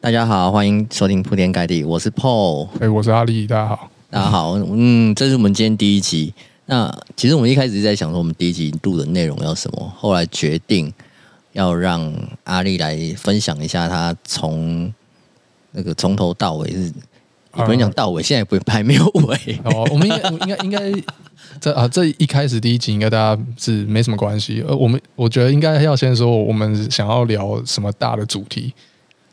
大家好，歡迎收聽鋪天蓋地，我是 Paul，哎、欸，我是阿立，大家好，大家好，嗯，這是我們今天第一集。那其實我們一開始是在想說，我們第一集錄的內容要什麼，後來決定要讓阿立來分享一下他從那個從頭到尾是，我跟你講到尾，現在不拍沒有尾哦、嗯 啊，我們應該應該應該 這啊這一開始第一集應該大家是沒什麼關係，呃，我們我覺得應該要先說我們想要聊什麼大的主題。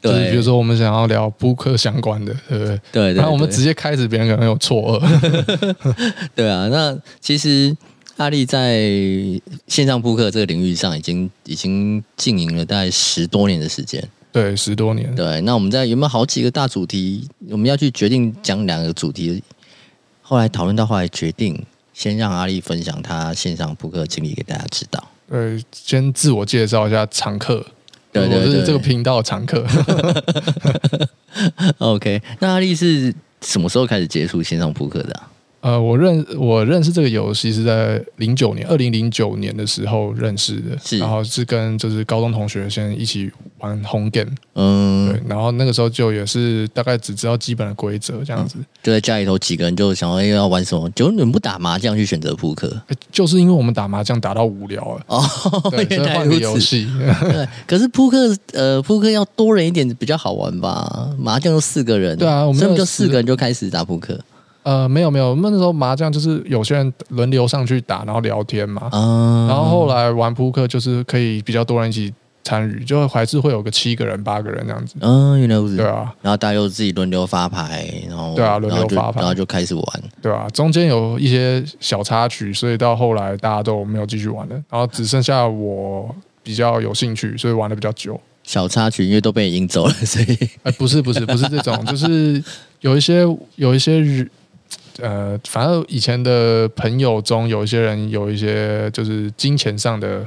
就是比如說，我們想要聊撲克相關的，對不對？對，對。然後，我們直接開始，別人可能有錯愕。 對啊，那其實阿立在線上撲克這個領域上，已經已經經營了大概十多年的時間。對，十多年。對。那我們在有沒有好幾個大主題？我們要去決定講兩個主題？後來討論到後來，決定先讓阿立分享他線上撲克經歷給大家知道。對，先自我介紹一下常客。對，對，我是這個頻道常客。 OK，那阿立是什麼時候開始接觸線上撲克的啊？呃，我認我認識這個遊戲是在零九年，二零零九年的時候認識的，然後是跟就是高中同學先一起玩 home game。嗯，對，然後那個時候就也是大概只知道基本的規則這樣子、嗯，就在家裡頭幾個人就想說要玩什麼，就你們不打麻將去選擇撲克，欸，就是因為我們打麻將打到無聊了，哦，原來如此，換個遊戲，嗯、呵呵對，可是撲克呃撲克要多人一點比較好玩吧，麻將就四個人，對、嗯、啊，我們就四個人就開始打撲克。呃，沒有沒有，那時候麻將就是有些人輪流上去打，然後聊天嘛。嗯、啊。然後後來玩撲克，就是可以比較多人一起參與，就還是會有個七個人、八個人這樣子。嗯、啊，原來如此。對啊。然後大家又自己輪流發牌，然後對啊，輪流發牌然，然後就開始玩。對啊。中間有一些小插曲，所以到後來大家都沒有繼續玩了，然後只剩下我比較有興趣，所以玩的比較久。小插曲，因為都被人贏走了，所以。欸、不是不是不是這種， 就是有一些有一些人。呃，反正以前的朋友中，有一些人有一些就是金錢上的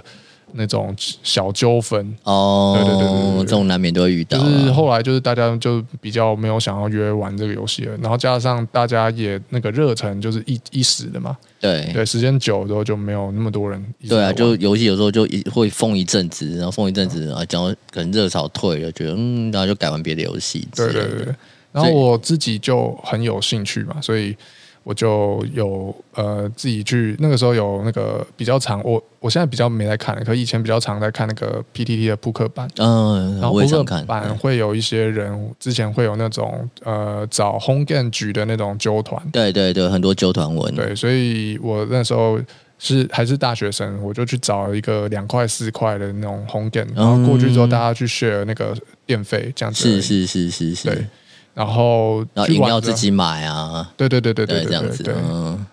那種小糾紛哦，對對，對對對，這種難免都會遇到。就是後來就是大家就比較沒有想要約玩這個遊戲了，然後加上大家也那個熱忱就是一一時的嘛，對對，時間久了之後就沒有那麼多人。對啊，就遊戲有時候就一會瘋一陣子，然後瘋一陣子、嗯、然後可能熱潮退了，覺得嗯，然後就改玩別的遊戲的。對對對，然後我自己就很有興趣嘛，所以。我就有呃自己去那個時候有那個比較常我我現在比較沒在看，可是以前比較常在看那個 P T T 的撲克版。嗯，我也常看。然後撲克版會有一些人之前會有那種呃找 home game 局的那種揪團。對,對對對，很多揪團文。對，所以我那時候是還是大學生，我就去找一個兩塊四塊的那種 home game 然後過去之後大家去 share 那個電費這樣子。是,是是是是是。對。然後，然後飲料自己買啊，對對對對對、對、對、對，這樣子，嗯對。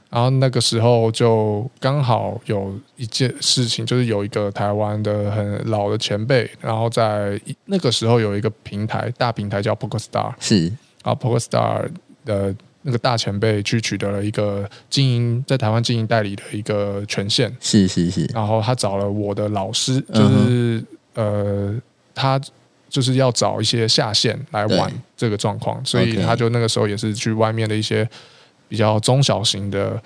然後那個時候就剛好有一件事情，就是有一個台灣的很老的前輩，然後在那個時候有一個平台，大平台叫 PokerStars，是。然後 PokerStars 的那個大前輩去取得了一個經營在台灣經營代理的一個權限，是是是。然後他找了我的老師，就是，嗯、呃他。就是要找一些下線來玩這個狀況，所以他就那個時候也是去外面的一些比較中小型的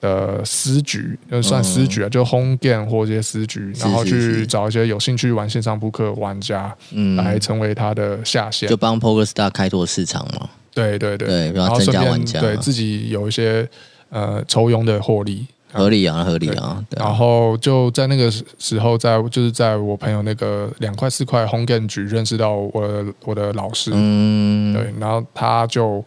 呃私局，就算私局啊、嗯，就 home game 或這些私局是是是，然後去找一些有興趣玩線上撲克玩家、嗯、來成為他的下線，就幫 Poker Star 開拓市場嘛。對對對，對然後順便增加玩家，對自己有一些呃抽佣的獲利。合理啊，合理啊。然後就在那個時候在，在就是在我朋友那個兩塊四塊 home game 局認識到我的我的老師、嗯，對，然後他就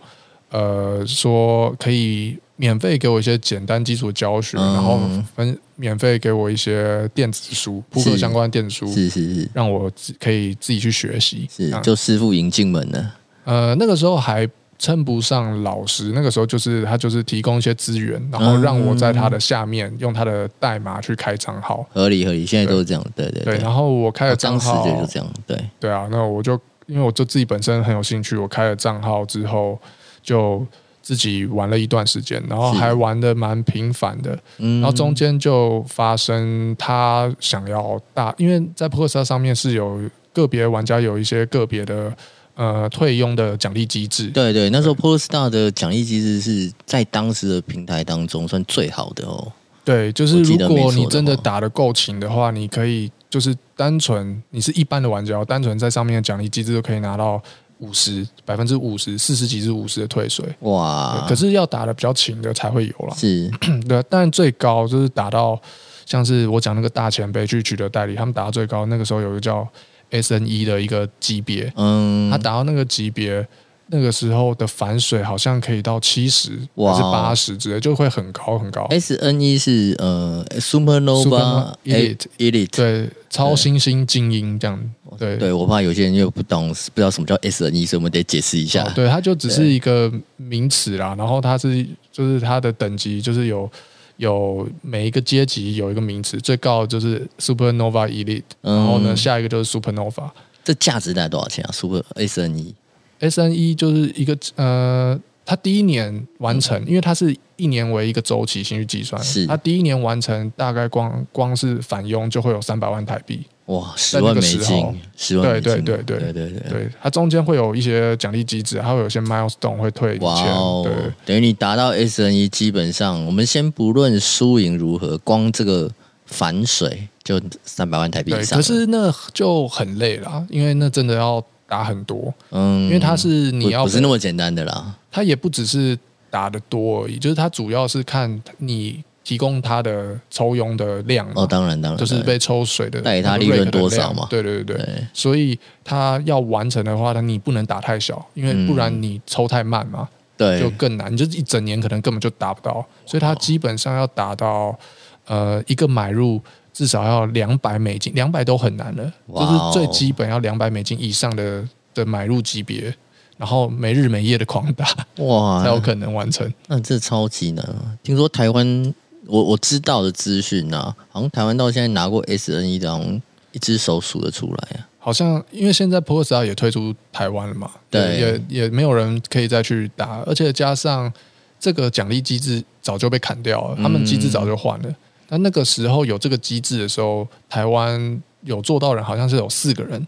呃說可以免費給我一些簡單基礎的教學、嗯，然後分免費給我一些電子書撲克相關的電子書，是是是，是，讓我可以自己去學習，是就師父引進門了。呃，那個時候還。稱不上老師，那個時候就是他就是提供一些資源，然後讓我在他的下面、嗯、用他的代碼去開賬號，合理合理。現在都是這樣，對對對。對然後我開了賬號、啊，就是這樣對對啊。那我就因為我就自己本身很有興趣，我開了賬號之後就自己玩了一段時間，然後還玩得蠻頻繁的、嗯。然後中間就發生他想要大，因為在 Poker 上面是有個別玩家有一些個別的。呃，退佣的獎勵機制，對對，對那時候 PokerStars 的獎勵機制是在當時的平台當中算最好的哦。對，就是如果你的真的打的夠勤的話，你可以就是單純你是一般的玩家，單純在上面的獎勵機制就可以拿到五十百分之五十，四十幾至五十的退稅。哇！可是要打的比較勤的才會有啦。是， 對，但最高就是打到像是我講那個大前輩去取得代理，他們打到最高，那個時候有一個叫。S N E 的一個級別，嗯，他達到那個級別，那個時候的反水好像可以到七十還是八十，直接就會很高很高。S N E 是呃，Super Nova Elite，, Supernova Elite, Elite 對，超新星精英這樣。對，對，我怕有些人又不懂，不知道什麼叫 S N E，所以我們得解釋一下。啊、對，它就只是一個名詞啦，然後它是就是它的等級就是有。有每一個階級有一個名詞，最高的就是 Supernova Elite，、嗯、然後呢，下一個就是 Supernova。這價值大概多少錢啊？Super, super S N E S N E 就是一個呃，它第一年完成、嗯，因為它是一年為一個週期先去計算，是它第一年完成大概光光是返傭就會有三百萬台幣。哇，十萬美金！十萬美金，對對對對對對對，對，對，對，對，它中間會有一些獎勵機制，還會有些 milestone 會退錢。哇哦，對，等於你達到 SNE，基本上我們先不論輸贏如何，光這個反水就三百萬台幣以上。可是那就很累了，因為那真的要打很多，嗯，因為它是你要不是那麼簡單的啦，它也不只是打的多而已，就是它主要是看你。提供他的抽佣的量哦，當然當然，就是被抽水的，代理他利潤多少嘛？對對對對，對，所以他要完成的話，呢，你不能打太小，因為不然你抽太慢嘛，對、嗯，就更難。你就一整年可能根本就達不到，所以他基本上要達到呃一個買入至少要兩百美金，兩百都很難了，就是最基本要兩百美金以上的的買入級別，然後沒日沒夜的狂打哇，才有可能完成。那這超級難啊！聽說台灣。我我知道的資訊呢，好像台灣到現在拿過 SNE 張一隻手數得出來啊。好像因為現在 PokerStars 也退出台灣了嘛，對，對也也沒有人可以再去打，而且加上這個獎勵機制早就被砍掉了，嗯、他們機制早就換了。但那個時候有這個機制的時候，台灣有做到人好像是有四個人，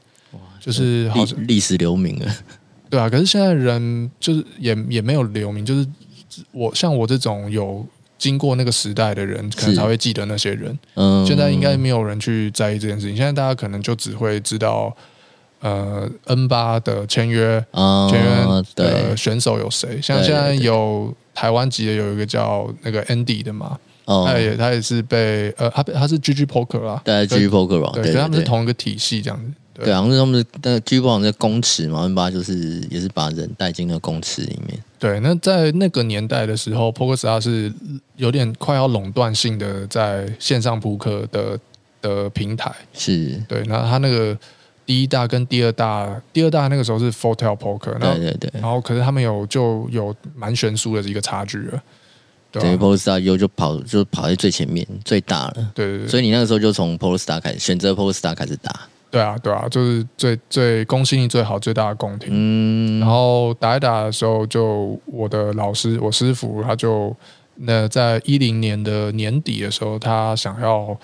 就是好像歷史留名啊，對啊，可是現在人就是也也沒有留名，就是我像我這種有。經過那個時代的人，可能才會記得那些人。嗯，現在應該沒有人去在意這件事情。現在大家可能就只會知道，呃，N8 的簽約、哦、簽約的選手有誰？像現在有對對對台灣籍的有一個叫那個 Andy 的嘛，對對對，他也他也是被呃，他他是 GG Poker 啊，GG Poker 啊，對，跟他們是同一個體系這樣子。對啊，就他們的，呃，基本上在公池，然後把就是也是把人帶進那公池裡面。對，那在那個年代的時候，PokerStars 是有點快要壟斷性的在線上撲克的的平台。是。對，那他那個第一大跟第二大，第二大那個時候是 Fortel Poker。對對對。然後，然後可是他們有就有蠻懸殊的一個差距了。對,對,對,對,對,對，PokerStars 又就跑就跑在最前面，最大了。對,對,對。所以你那個時候就從 PokerStars 開始，選擇 PokerStars 開始打。對啊，對啊，就是最最公信力最好、最大的宮廷。嗯，然後打一打的時候，就我的老師、我師傅，他就那在一零年的年底的時候，他想要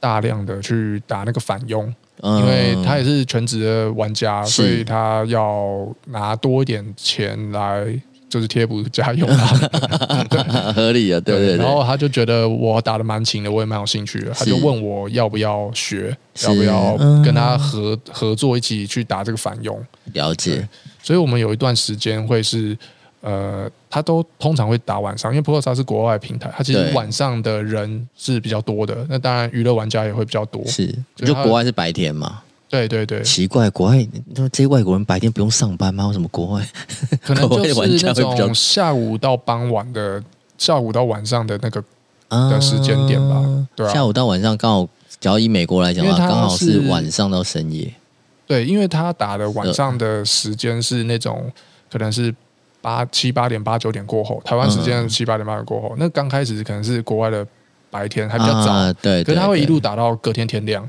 大量的去打那個返傭，嗯，因為他也是全職的玩家，所以他要拿多一點錢來。就是貼補家用啊，合理啊，對，對，對，對，對。然後他就覺得我打得蠻勤的，我也蠻有興趣的，他就問我要不要學，要不要跟他合、嗯、合作一起去打這個反佣。了解，所以我們有一段時間會是，呃，他都通常會打晚上，因為 PokerStars 是國外平台，他其實晚上的人是比較多的，那當然娛樂玩家也會比較多。是，就國外是白天嘛。對對對，奇怪，國外那這些外國人白天不用上班嗎？為什麼國外？可能就是那種下午到傍晚的，下午到晚上的那個、啊、的時間點吧。對、啊，下午到晚上剛好，只要以美國來講的話，剛好是晚上到深夜。對，因為他打的晚上的時間是那種可能是八七八點八九點過後，台灣時間是七八點八點過後、嗯，那剛開始可能是國外的。白天還比較早，啊，對，所以他會一路打到隔天天亮，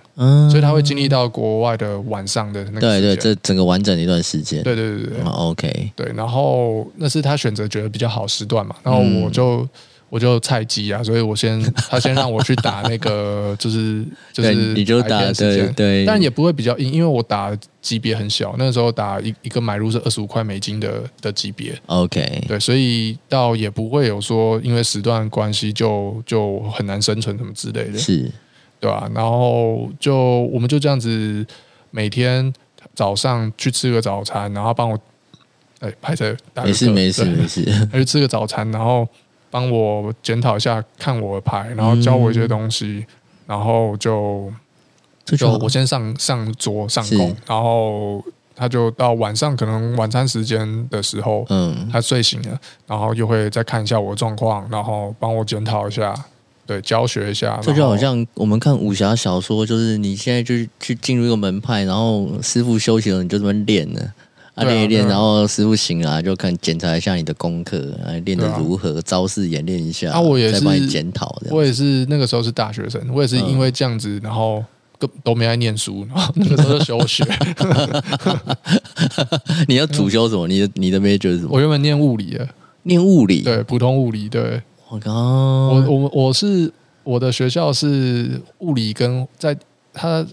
所以他會經歷到國外的晚上的那個時間，對對，這整個完整的一段時間，對對對對，OK，對，然後那是他選擇覺得比較好時段嘛，然後我就。嗯我就菜雞啊，所以我先他先讓我去打那個，就是 就是對你就打對對，但也不會比較硬，因為我打級別很小，那時候打一一個買入是二十五塊美金的的級別，OK，對，所以倒也不會有說因為時段關係就就很難生存什麼之類的，是，對吧、啊？然後就我們就這樣子每天早上去吃個早餐，然後幫我哎拍着沒事沒事沒事，就吃個早餐，然後。幫我檢討一下，看我的牌，然後教我一些東西，嗯、然後就,就這就我先上上桌上工，然後他就到晚上可能晚餐時間的時候，嗯，他睡醒了，然後又會再看一下我的狀況，然後幫我檢討一下，對，教學一下。這就,就好像我們看武俠小說，就是你現在就去進入一個門派，然後師傅休息了，你就這麼練呢？啊練一練，然後師傅行了，就看檢查一下你的功課，哎，練得如何，招式、啊、演練一下。啊，我也是你檢討，我也是那個時候是大學生，我也是因為這樣子，然後都都沒愛念書，然後那個時候就休學。 你要主修什麼？你的你的 major 什麼？我原本念物理的，念物理，對，普通物理，對我剛、oh，我我我是我的學校是物理跟在他。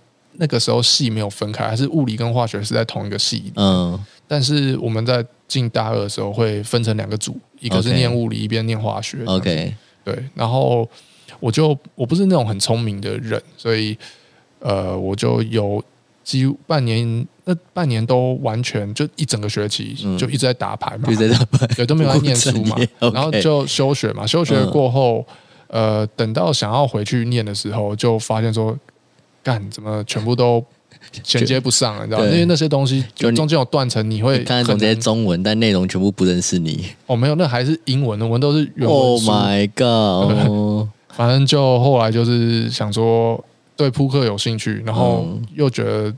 那個時候系沒有分開，還是物理跟化學是在同一個系。嗯，但是我們在進大二的時候會分成兩個組，一個是念物理，okay. 一邊念化學。OK，對。然後我就我不是那種很聰明的人，所以呃，我就有幾乎半年，那半年都完全就一整個學期就一直在打牌嘛，嗯、對在打牌，都沒有在念書嘛。然後就休學嘛，休學過後、嗯，呃，等到想要回去念的時候，就發現說。幹，怎麼全部都銜接不上了？你知道，因為那些東西就中間有斷層，你會看得懂這些中文，但內容全部不認識你。你哦，沒有，那還是英文的，我們都是原文。Oh my god！、嗯、反正就後來就是想說對撲克有興趣，然後又覺得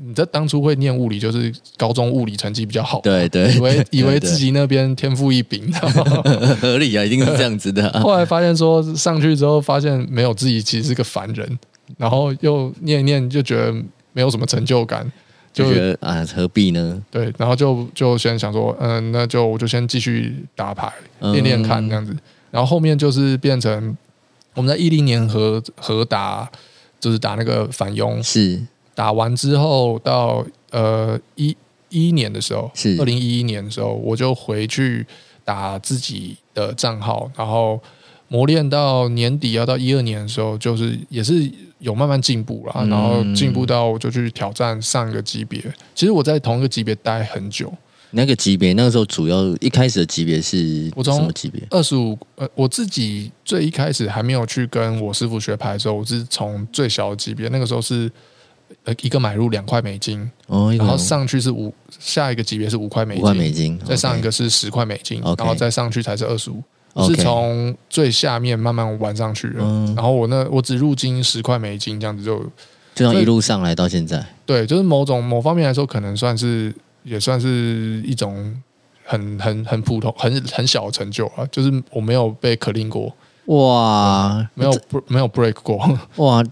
你在當初會念物理，就是高中物理成績比較好。對對，對，以為以為自己那邊天賦異稟，合理啊，一定是這樣子的、啊嗯。後來發現說上去之後，發現沒有自己，其實是個凡人。然後又念一念就覺得沒有什麼成就感，就覺得啊何必呢？對，然後就就先想說，嗯，那就我就先繼續打牌練練、嗯、看這樣子。然後後面就是變成我們在一零年和和打，就是打那個返佣，是打完之後到呃一一年的時候，是二零一一年的時候我就回去打自己的賬號，然後。磨練到年底，要到一二年的時候，就是也是有慢慢進步了、嗯，然後進步到我就去挑戰上一個級別。其實我在同一個級別待很久。那個級別那個時候主要一開始的級別是，我從什麼級別？二十五？呃，我自己最一開始還沒有去跟我師傅學牌的時候，我是從最小的級別。那個時候是呃一個買入兩塊美金、哦，然後上去是五，下一個級別是五塊美金，五塊美金，再上一個是十塊美金，Okay. 然後再上去才是二十五。就是從最下面慢慢玩上去了，嗯、然後我那我只入金十塊美金這樣子就，就這樣一路上來到現在，對，就是某種某方面來說，可能算是也算是一種很很很普通、很很小的成就啊。就是我沒有被 clean 過，哇，嗯、沒有沒有 break 過，哇，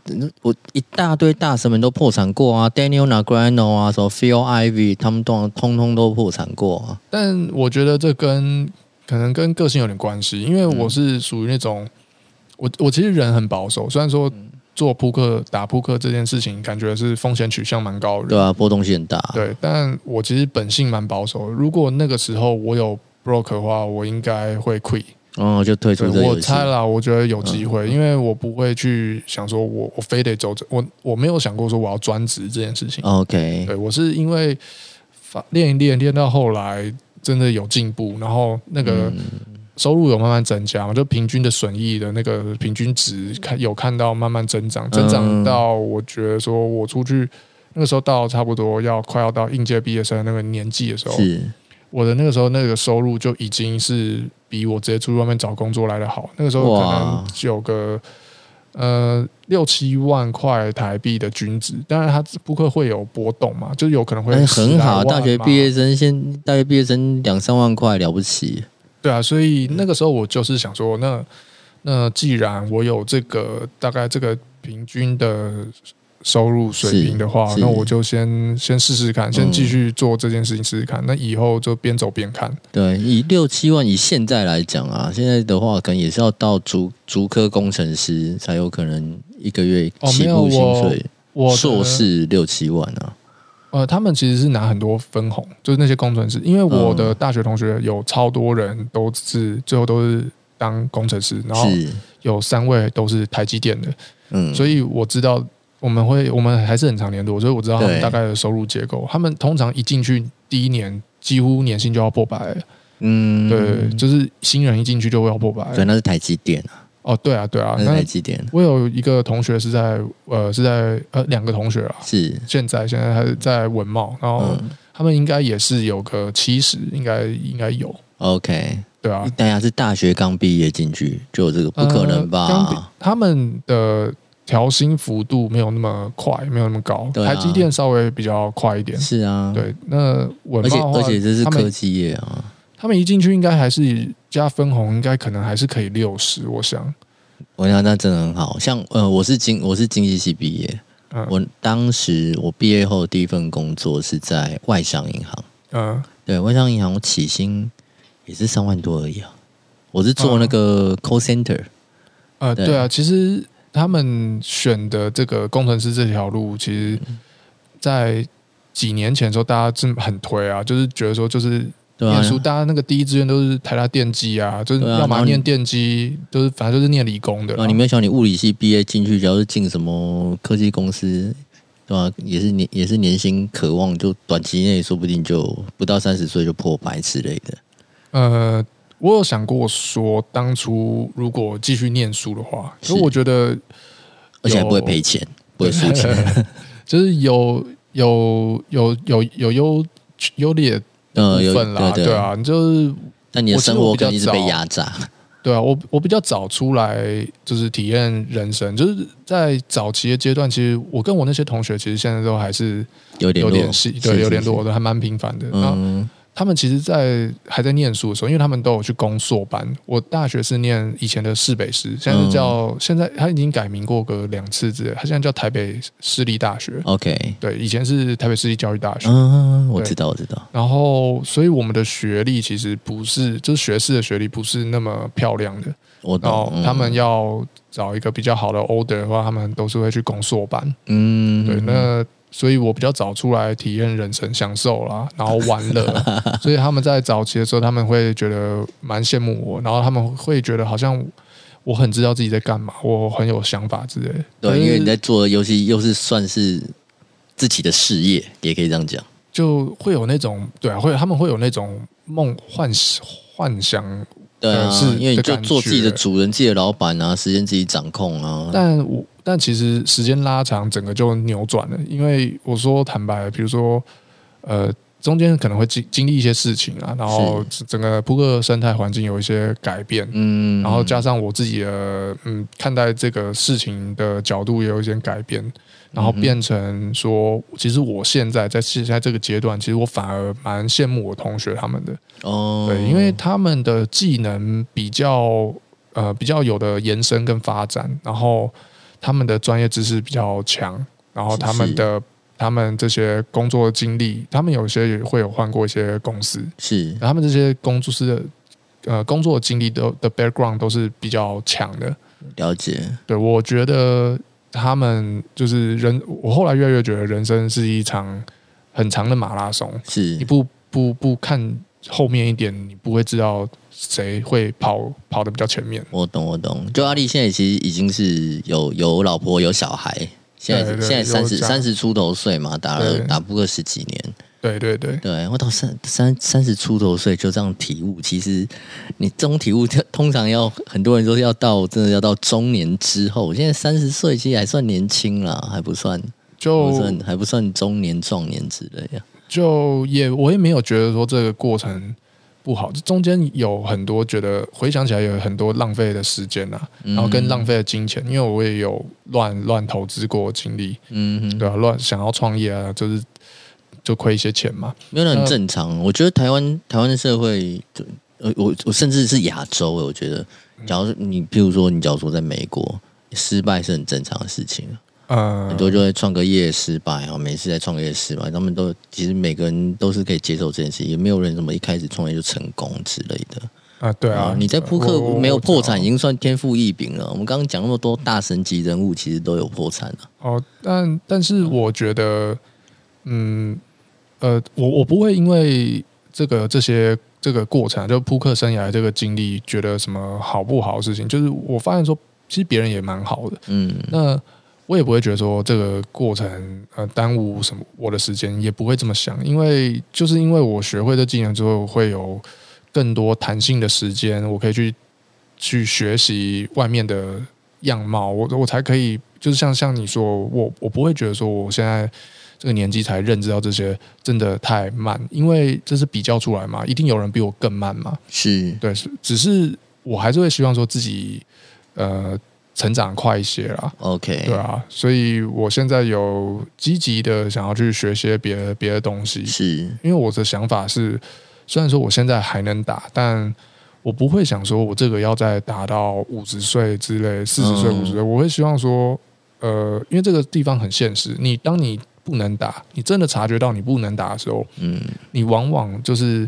我一大堆大神們都破產過啊，Daniel Negreanu 啊，什麼 Phil Ivey 他們都通通都破產過啊。但我覺得這跟可能跟個性有點關係，因為我是屬於那種，嗯、我我其實人很保守。雖然說做撲克、打撲克這件事情，感覺是風險取向蠻高的，對啊，波動性很大。對，但我其實本性蠻保守的。如果那個時候我有 broke 的話，我應該會 quit，哦，就退出這。我猜啦，我覺得有機會、嗯，因為我不會去想說我，我我非得走著，我我沒有想過說我要專職這件事情。OK，對，我是因為練一練，練到後來。真的有進步，然後那個收入有慢慢增加，嗯、就平均的損益的那個平均值看，有看到慢慢增長，增長到我覺得說我出去、嗯、那個時候到差不多要快要到應屆畢業生那個年紀的時候，我的那個時候那個收入就已經是比我直接出去外面找工作來的好，那個時候可能九個。呃，六七萬塊台幣的均值，當然它只不過會有波動嘛，就有可能會、哎、很好。大學畢業生現，大學畢業生兩三萬塊了不起？對啊，所以那個時候我就是想說，那那既然我有這個大概這個平均的。收入水平的話，那我就先先試試看，先繼續做這件事情試試看、嗯。那以後就邊走邊看。對，以六七萬，以現在來講啊，現在的話可能也是要到竹竹科工程師才有可能一個月起步薪水、哦我我，碩士六七萬啊。呃，他們其實是拿很多分紅，就是那些工程師，因為我的大學同學有超多人都是、嗯、最後都是當工程師，然後有三位都是台積電的，嗯，所以我知道。我們會，我們還是很長年度，所以我知道他們大概的收入結構。他們通常一進去第一年，幾乎年薪就要破百。嗯，對，就是新人一進去就會要破百。對，那是台積電、啊、哦，對啊，對啊，那台積電。我有一個同學是在，呃，是在，呃，兩個同學啊,是現在現在還在文茂，然後、嗯、他們應該也是有個七十，應該應該有。OK，對啊，大家是大學剛畢業進去就這個，不可能吧？呃、他們的。調薪幅度沒有那麼快，沒有那麼高。對啊，台積電稍微比較快一點。是啊，對，那我而且而且這是科技業啊，他們，他們一進去應該還是加分紅，應該可能還是可以六十。我想，我想那真的很好。像呃，我是經我是經濟系畢業，嗯，我當時我畢業後的第一份工作是在外商銀行。嗯，對外商銀行我起薪也是三萬多而已啊。我是做那個 call center。啊、嗯呃，對啊，其實。他們選的這個工程師這條路，其實在幾年前的時候，大家是很推啊，就是覺得說，就是對、啊、念書，大家那個第一志願都是台大電機啊，啊，就是要嘛念電機，就是反正就是念理工的。啊，你沒有想，你物理系畢業進去，只要是進什麼科技公司，對吧、啊？也是年也是年薪渴望，就短期內說不定就不到三十歲就破百之類的。呃。我有想過說，當初如果繼續念書的話，所以我覺得而且還不會賠錢，不會輸錢， 就是有有有有有優優劣的部分啦、嗯、對，對，對啊，就是那你的生活可能一直被壓榨，對啊，我我比較早出來就是體驗人生，就是在早期的階段，其實我跟我那些同學，其實現在都還是有點有點對，有點聯絡，還蠻頻繁的，嗯。他們其實在，在還在念書的時候，因為他們都有去攻碩班。我大學是念以前的市北師，現在叫、嗯、現在他已經改名過個兩次之類他現在叫台北市立大學。OK，對，以前是台北市立教育大學。嗯,嗯,嗯，我知道，我知道。然後，所以我們的學歷其實不是，就是學士的學歷不是那麼漂亮的。我懂。然後他們要找一個比較好的 older 的話，他們都是會去攻碩班。嗯，對，那。所以我比較早出來體驗人生享受啦，然後玩樂， 所以他們在早期的時候，他們會覺得蠻羨慕我，然後他們會覺得好像我很知道自己在幹嘛，我很有想法之類的。對，因為你在做的遊戲，又是算是自己的事業，也可以這樣講，就會有那種對啊，會他們會有那種夢幻想幻想的的，對啊，因為你就做自己的主人，自己的老闆啊，時間自己掌控啊，但我。但其實時間拉長，整個就扭轉了。因為我說坦白，比如說，呃，中間可能會經經歷一些事情啊，然後整個撲克生態環境有一些改變，嗯，嗯，然後加上我自己的嗯看待這個事情的角度也有一些改變嗯，嗯，然後變成說，其實我現在在現在這個階段，其實我反而蠻羨慕我同學他們的哦，對，因為他們的技能比較呃比較有的延伸跟發展，然後。他們的專業知識比較強，然後他們的他們這些工作的經歷，他們有些也會有換過一些公司，是他們這些工作是呃工作的經歷都的，的 background 都是比較強的。了解，對，我覺得他們就是人，我後來越來越覺得人生是一場很長的馬拉松，是一步不不看。後面一點，你不會知道誰會跑跑得比較前面。我懂，我懂。就阿立現在其實已經是有有老婆有小孩，現在現在三十三十出頭歲嘛，打了打不過十幾年。對對對，30, 對，對,對,對,對我到三三三十出頭歲就這樣體悟。其實你這種體悟，通常要很多人說要到真的要到中年之後。現在三十歲其實還算年輕啦，還不算，就不算還不算中年壯年之類的樣。就也我也沒有覺得說這個過程不好，這中間有很多覺得回想起來有很多浪費的時間啊、嗯，然後跟浪費的金錢，因為我也有亂亂投資過經歷，嗯對吧、啊？亂想要創業啊，就是就虧一些錢嘛，沒有那很正常、呃。我覺得台灣台灣的社會就呃我我甚至是亞洲，我覺得，假如你、嗯、譬如說你假如說在美國失敗是很正常的事情。嗯，很多就會創個業失敗啊，每次在創業失敗，他們都其實每個人都是可以接受這件事，也沒有人怎麼一開始創業就成功之類的啊。對啊，啊你在撲克沒有破產已經算天賦異稟了。我們剛剛講那麼多大神級人物，其實都有破產了。哦，但但是我覺得，嗯，呃，我我不會因為這個這些這個過程，就撲克生涯這個經歷，覺得什麼好不好的事情。就是我發現說，其實別人也蠻好的。嗯，那。我也不會覺得說這個過程，呃，耽誤什麼我的時間，也不會這麼想，因為就是因為我學會這技能之後，我會有更多彈性的時間，我可以去去學習外面的樣貌，我我才可以就是像像你說，我我不會覺得說我現在這個年紀才認知到這些真的太慢，因為這是比較出來嘛，一定有人比我更慢嘛，是對，只是我還是會希望說自己呃。成長快一些啦，OK，對啊，所以我現在有積極的想要去學些別的別的東西，是因為我的想法是，雖然說我現在還能打，但我不會想說我這個要再打到五十歲之類，四十歲五十歲，我會希望說，呃，因為這個地方很現實，你當你不能打，你真的察覺到你不能打的時候，嗯，你往往就是。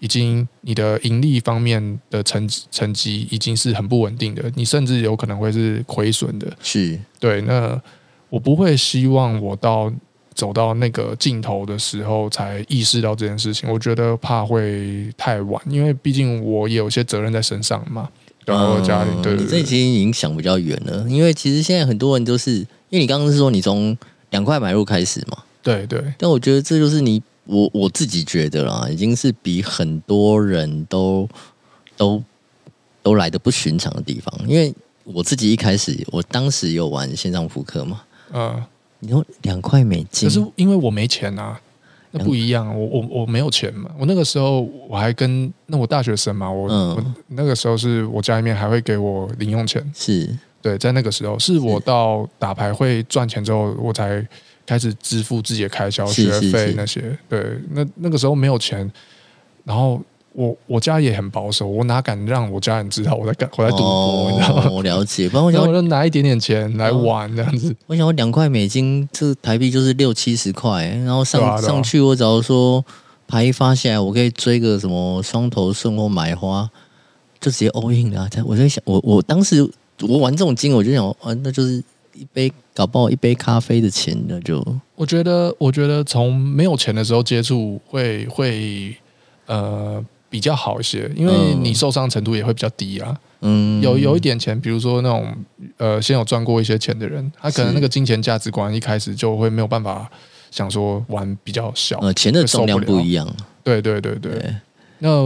已經，你的盈利方面的成成績已經是很不穩定的，你甚至有可能會是虧損的。是，對。那我不會希望我到走到那個盡頭的時候才意識到這件事情，我覺得怕會太晚，因為畢竟我也有些責任在身上嘛。然後、嗯、家裡，對對對。你這已經影響比較遠了，因為其實現在很多人都是，因為你剛剛是說你從兩塊買入開始嘛。對對。但我覺得這就是你。我我自己覺得啦，已經是比很多人都都都來得不尋常的地方。因為我自己一開始，我當時有玩線上撲克嘛，嗯、呃，你說兩塊美金，可是因為我沒錢啊，那不一樣，我我我沒有錢嘛，我那個時候我還跟那我大學生嘛，我、嗯、我那個時候是我家裡面還會給我零用錢，是對，在那個時候是我到打牌會賺錢之後，我才。開始支付自己的開銷，學費那些，對，那那個時候沒有錢，然後我我家也很保守，我哪敢讓我家人知道我在幹我在賭博，哦，你知道嗎？我了解，不然我想，我就拿一點點錢來玩，哦、這樣子。我想我兩塊美金，這台幣就是六七十塊，然後上、啊啊、上去我假如說牌一發下來，我可以追個什麼雙頭順或買花，就直接 all in 了，啊。我在想，我我當時我玩這種金，我就想，啊，那就是。一杯搞不好一杯咖啡的錢呢，就，我覺得我覺得從沒有錢的時候接觸會會呃比較好一些，因為你受傷程度也會比較低啊。嗯，有有一點錢，比如說那種呃先有賺過一些錢的人，他可能那個金錢價值觀一開始就會沒有辦法想說玩比較小，呃，錢的重量不一樣。對對對對，對，那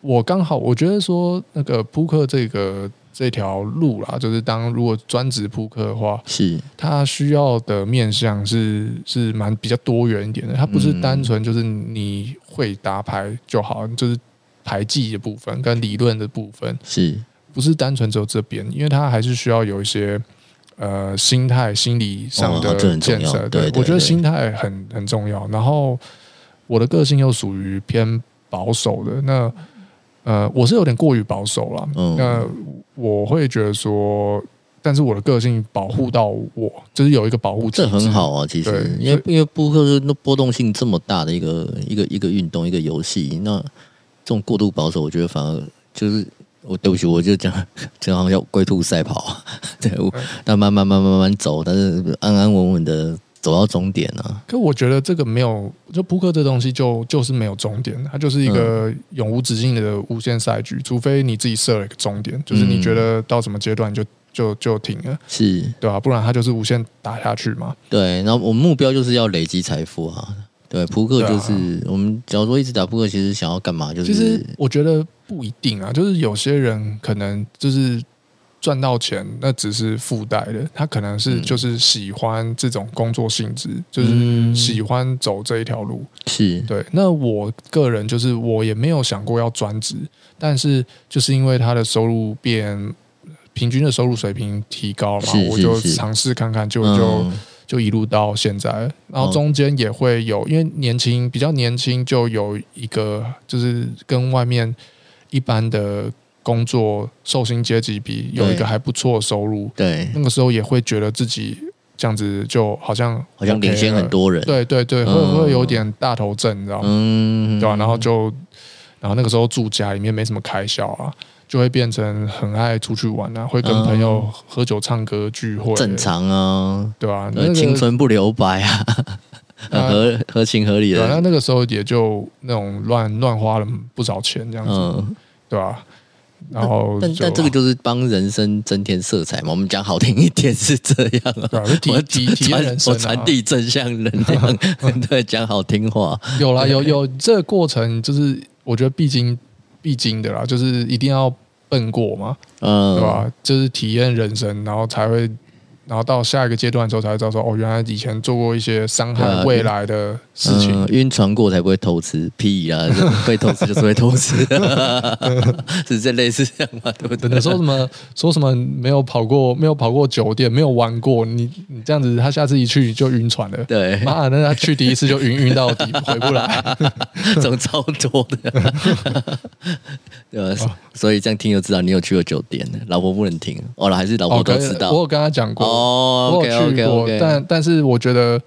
我剛好我覺得說那個撲克這個。這條路啦，就是當如果專職撲克的話，是它需要的面向是是蠻比較多元一點的，它不是單純就是你會打牌就好，嗯、就是牌技的部分跟理論的部分，是不是單純只有這邊？因為它還是需要有一些呃心態、心理上的建設。哦、對，對，對，對，我覺得心態很很重要。然後我的個性又屬於偏保守的，那呃，我是有點過於保守了，嗯。那我會覺得說，但是我的個性保護到我，嗯、就是有一個保護這很好啊。其實，對因為因為撲克是波動性這麼大的一個一個一個運動一個遊戲，那這種過度保守，我覺得反而就是，我對不起，我就講講、嗯、好像龜兔賽跑，嗯、 對但慢慢慢慢慢慢慢走，但是安安穩穩的。走到終點啊，可我覺得這個沒有，就撲克這東西就就是沒有終點，它就是一個永無止境的無限賽局、嗯，除非你自己設了一個終點，就是你覺得到什麼階段就、嗯、就就，就停了，是對啊，不然它就是無限打下去嘛。對，然後我們目標就是要累積財富啊。對，撲克就是、啊、我們假如說一直打撲克，其實想要幹嘛？就是其實我覺得不一定啊，就是有些人可能就是。賺到錢，那只是附帶的。他可能是就是喜歡這種工作性質，嗯、就是喜歡走這一條路。是、對。那我個人就是我也沒有想過要專職，但是就是因為他的收入變平均的收入水平提高嘛，是是是是，我就嘗試看看，就、嗯、就就一路到現在。然後中間也會有，嗯、因為年輕比較年輕，就有一個就是跟外面一般的。工作，受薪階級比有一個還不錯的收入對，對，那個時候也會覺得自己這樣子就好像好像領先很多人，對對對，會、嗯、會有點大頭症？你知道嗯，對吧、啊？然後就然後那個時候住家裡面沒什麼開銷啊，就會變成很愛出去玩啊，嗯、會跟朋友喝酒唱歌聚會、欸，正常、哦、啊，對、那、吧、個？青春不留白啊，合 合情合理的。那、啊、那個時候也就那種亂亂花了不少錢，這樣子，嗯、對吧、啊？然後，但但、啊、但這個就是幫人生增添色彩嘛。我們講好聽一點是這樣，啊，啊體體、體驗人生、啊，我傳遞正向能量，人 生 對，講好聽話。有啦，有有、有這個過程，就是我覺得必經必經的啦，就是一定要笨過嘛，嗯，對吧？就是體驗人生，然後才會。然後到下一個階段的時候才會知道說，哦，原來以前做過一些傷害未來的事情、嗯。暈船過才不會偷吃，屁啦！會偷吃就是會偷吃， 是這類似這樣嘛？對不對？等等說什麼說什麼，沒有跑過，沒有跑過酒店沒有玩過，你、你這樣子他下次一去你就暈船了。對，媽，那他去第一次就暈暈到底 回不來，這 種超多的。呃、 哦，所以這樣聽就知道你有去過酒店。老婆不能聽，哦，還是老婆都知道。Okay, 我有跟他講過。哦哦、oh, okay,okay, okay. 我有去過，但但是我覺得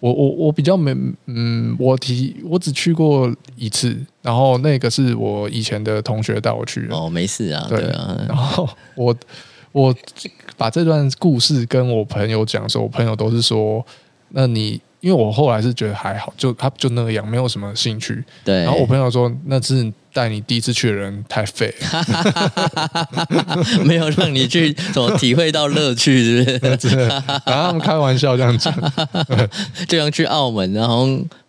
我我我比較沒嗯，我提我只去過一次，然後那個是我以前的同學帶我去的哦，oh, 沒事啊，對，對啊。然後我我把這段故事跟我朋友講的時候，我朋友都是說，那你。因為我後來是覺得還好，就他就那個樣，沒有什麼興趣。對。然後我朋友說，那是帶你第一次去的人太廢了， 沒有讓你去怎麼體會到樂趣，是不是？啊，開玩笑這樣子，就像去澳門，然後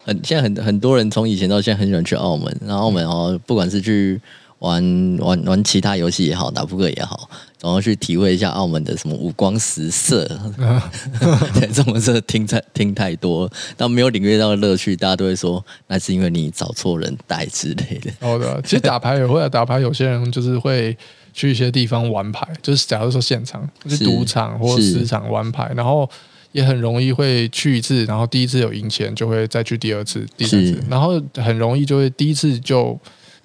很現在很很多人從以前到現在很喜歡去澳門，然後澳門哦、嗯，不管是去。玩玩玩其他遊戲也好，打撲克也好，然後去體會一下澳門的什麼五光十色、啊。 這種事聽太聽太多，但沒有領略到的樂趣，大家都會說那是因為你找錯人帶之類的。哦，對、啊，其實打牌也會打牌，有些人就是會去一些地方玩牌，就是假如說現場是賭場或是市場玩牌，然後也很容易會去一次，然後第一次有贏錢就會再去第二次、第三次，然後很容易就會第一次就。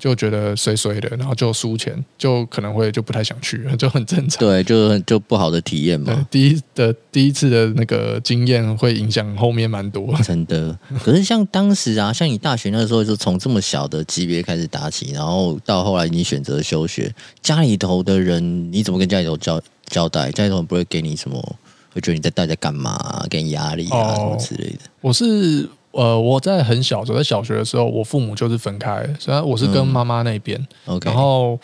就覺得衰衰的，然後就輸錢，就可能會就不太想去，就很正常。對，就就不好的體驗嘛。對，第一的第一次的那個經驗會影響後面蠻多。嗯，真的，可是像當時啊， 像你大學那時候，就從這麼小的級別開始打起，然後到後來你選擇休學，家裡頭的人你怎麼跟家裡頭交交代？家裡頭人不會給你什麼，會覺得你在待在幹嘛、啊，給你壓力啊、哦、什麼之類的。我是。呃，我在很小的時候，在小學的時候，我父母就是分開，雖然我是跟媽媽那邊，嗯 okay。然後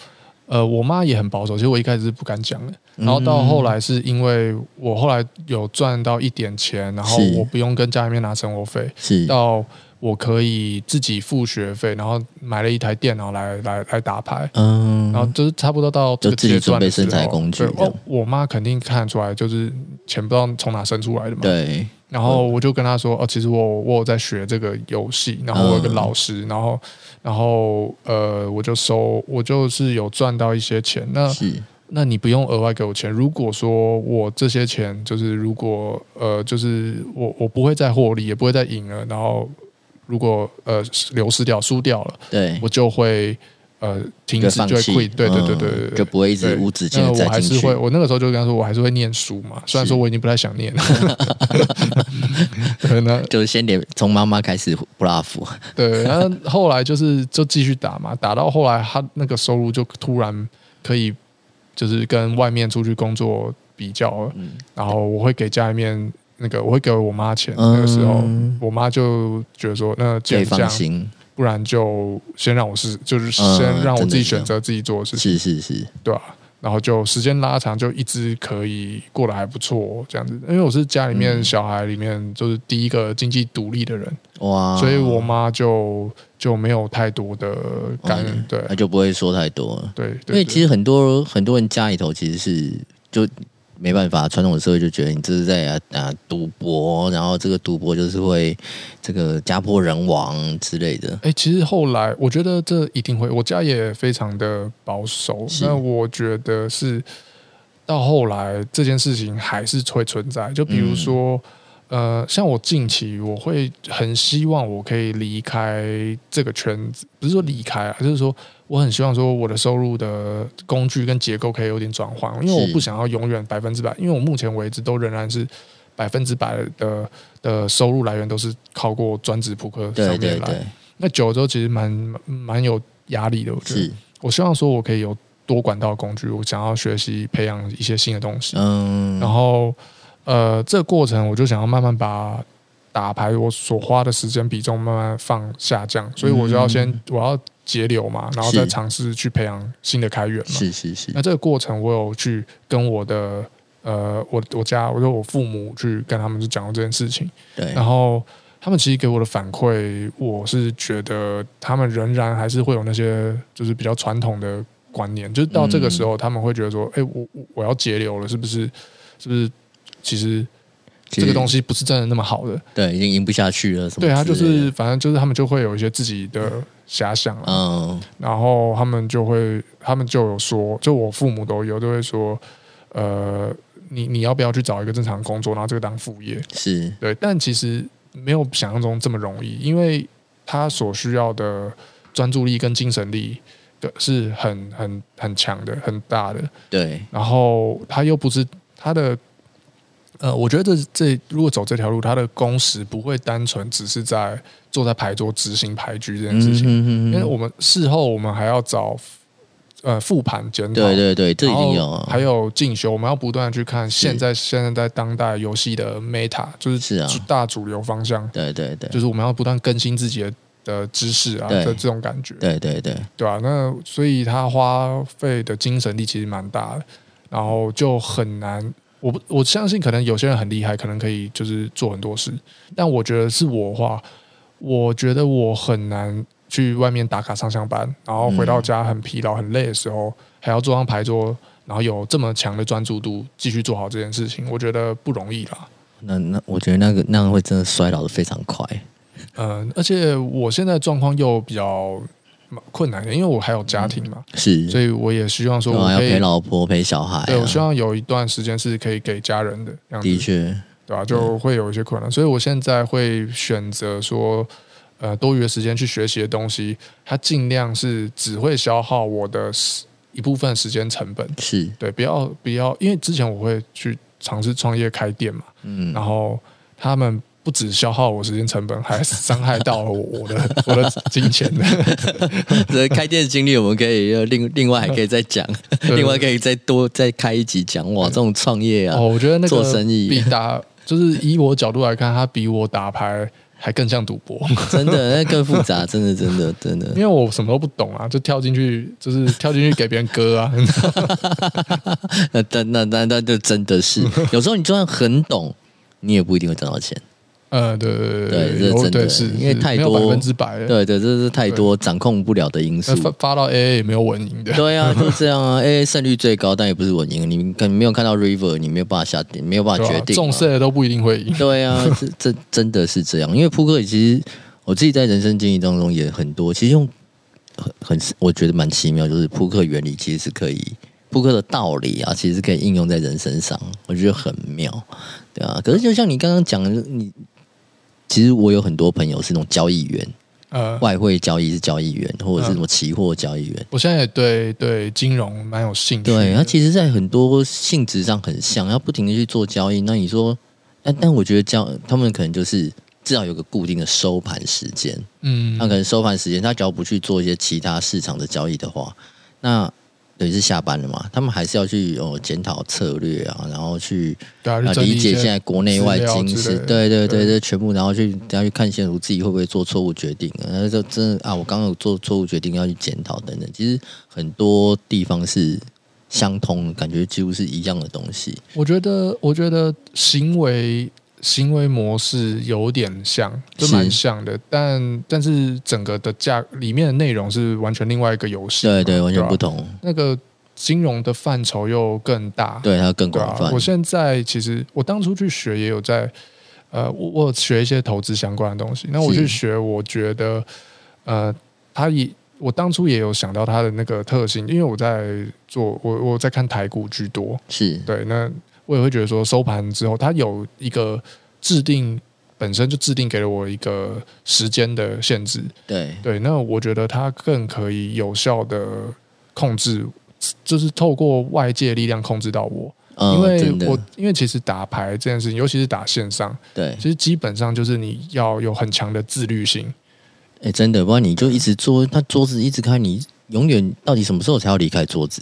呃，我媽也很保守，其實我一開始是不敢講的，嗯，然後到後來是因為我後來有賺到一點錢，然後我不用跟家裡面拿生活費，是到。我可以自己付學費，然後買了一台電腦來來來打牌，嗯，然後就是差不多到這個階段的時候，對、哦，我媽肯定看出來，就是錢不知道從哪生出來的嘛，對。然後我就跟她說，嗯、哦，其實我我有在學這個遊戲，然後我有個老師，嗯、然後然後呃，我就收，我就是有賺到一些錢。那那你不用額外給我錢。如果說我這些錢就是如果呃，就是我我不會再獲利，也不會再贏了，然後。如果呃流失掉、輸掉了，對，我就會呃停止，就會虧、嗯。對對對對，就不會一直無止境。我還是會，我那個時候就跟他說，我還是會念書嘛。雖然說我已經不太想念了，可能 就是先得從媽媽開始 bluff 。對，然後後來就是就繼續打嘛，打到後來他那個收入就突然可以，就是跟外面出去工作比較了、嗯。然後我會給家裡面，那個我會給我，我媽錢，那個時候、嗯、我媽就覺得說，那這樣，不然就先讓我試，就是先讓我自己選擇自己做的事情，嗯、是是是，是，對啊，然後就時間拉長，就一直可以過得還不錯這樣子。因為我是家裡面、嗯、小孩裡面，就是第一個經濟獨立的人哇，所以我媽就就沒有太多的感恩、嗯。對，那、啊、就不會說太多，對，對因為其實很多、嗯、很多人家裡頭其實是就。沒辦法，傳統的社會就覺得你這是在啊啊賭博，然後這個賭博就是會這個家破人亡之類的。誒、欸，其實後來我覺得這一定會，我家也非常的保守，那我覺得是到後來這件事情還是會存在。就比如說、嗯，呃，像我近期我會很希望我可以離開這個圈子，不是說離開、啊，還、就是說。我很希望說我的收入的工具跟結構可以有點轉換，因為我不想要永遠百分之百，因為我目前為止都仍然是百分之百的的收入來源都是靠過專職撲克上面來。對對對。那久了之後其實蠻蠻有壓力的，我覺得。我希望說我可以有多管道工具，我想要學習培養一些新的東西。嗯，然後呃，這個過程我就想要慢慢把。打牌我所花的時間比重慢慢放下降，所以我就要先、嗯、我要節流嘛，然後再嘗試去培養新的開源嘛。是是是、是。那這個過程我有去跟我的呃我我家，我說我父母去跟他們去講過這件事情。對。然後他們其實給我的反饋，我是覺得他們仍然還是會有那些就是比較傳統的觀念，就是到這個時候他們會覺得說，誒、嗯欸，我我我要節流了，是不是？是不是？其實。這個東西不是真的那麼好的，對，已經贏不下去了。什麼？對啊，他就是反正就是他們就會有一些自己的遐想、啊、嗯、哦，然後他們就會，他們就有說，就我父母都有，就會說，呃，你你要不要去找一個正常工作，拿這個當副業？是對，但其實沒有想象中這麼容易，因為他所需要的專注力跟精神力的是很很很強的，很大的。對，然後他又不是他的。呃，我覺得這如果走這條路，他的工時不會單純只是在坐在牌桌執行牌局這件事情，嗯、哼哼哼哼哼，因為我們事後我們還要找呃復盤檢討，對對對，這一定有，啊，還有進修，我們要不斷去看現在現在在當代遊戲的 meta，就是大主流方向，啊、對對對，就是我們要不斷更新自己的的知識啊，這這種感覺，對對對，對吧、啊。那所以他花費的精神力其實蠻大的，然後就很難。我不我相信，可能有些人很厲害，可能可以就是做很多事。但我覺得是我的話，我覺得我很難去外面打卡上下班，然後回到家很疲勞、很累的時候，還要坐上牌桌，然後有這麼強的專注度繼續做好這件事情，我覺得不容易啦。那那我覺得那個那樣、個、會真的衰老得非常快。嗯 呃，而且我現在狀況又比較。困難的，因為我還有家庭嘛，是，所以我也希望說我可以，我要陪老婆陪小孩，啊，對我希望有一段時間是可以給家人的這樣子，的確，對吧，啊？就會有一些困難，嗯、所以我現在會選擇說，呃，多餘的時間去學習的東西，它尽量是只會消耗我的一部分時間成本，是對，不要不要，因為之前我會去嘗試創業開店嘛，嗯，然後他們。不只消耗我時間成本，還傷害到了我我的， 我的我的金錢。這 開店的經歷，我們可以要另另外還可以再講，對對對，另外可以再多再開一集講。哇，這種創業啊，哦，我覺得那個做生意比打，就是以我角度來看，它比我打牌還更像賭博。真的，那更複雜，真的，真的，真的，因為我什麼都不懂啊，就跳進去，就是跳進去給別人割啊。那那那那，就真的是，有時候你就算很懂，你也不一定會賺到錢。呃、嗯，對對對對，這真的是因為太多百分之百了，對對，這是太多掌控不了的因素。發發到 AA 也沒有穩贏的，對啊，就這樣啊。 AA 勝率最高，但也不是穩贏。你可能沒有看到 River，你沒有辦法下定，沒有辦法決定，啊。重色，啊、都不一定會贏，對啊，這這真的是這樣。因為撲克其實我自己在人生經歷當中也很多，其實用很很我覺得蠻奇妙，就是撲克原理其實是可以，撲克的道理啊，其實可以應用在人身上，我覺得很妙，對啊，可是就像你剛剛講的，你。其實我有很多朋友是那種交易員，呃，外匯交易是交易員，或者是什麼期貨交易員。呃，我現在也對對金融蠻有興趣。對，它其實，在很多性質上很像，要不停的去做交易。那你說，但但我覺得交他們可能就是至少有個固定的收盤時間。嗯，嗯，他可能收盤時間，他只要不去做一些其他市場的交易的話，那。對，是下班了嘛？他們還是要去哦，檢討策略啊，然後去啊，理解現在國內外經濟、啊，對對對對，對全部然後去等一下去看清楚自己會不會做錯誤決定啊。那就真的啊，我剛剛有做錯誤決定要去檢討等等。其實很多地方是相通的、嗯，感覺幾乎是一樣的東西。我覺得，我覺得行為。行為模式有點像，就蠻像的，但但是整個的價裡面的內容是完全另外一個遊戲，對對，完全不同。啊、那個金融的範疇又更大，對它更廣泛、啊。我現在其實我當初去學也有在，呃，我我學一些投資相關的東西。那我去學，我覺得呃，它也我當初也有想到它的那個特性，因為我在做，我我在看台股居多，是對那。我也會覺得說，收盤之後，它有一個制定本身就制定給了我一個時間的限制。對對，那我覺得它更可以有效的控制，就是透過外界力量控制到我。哦、因為我，我因為其實打牌這件事情，尤其是打線上，對，其實基本上就是你要有很強的自律性。哎、欸，真的，不然你就一直桌，他桌子一直開，你永遠到底什麼時候才要離開桌子？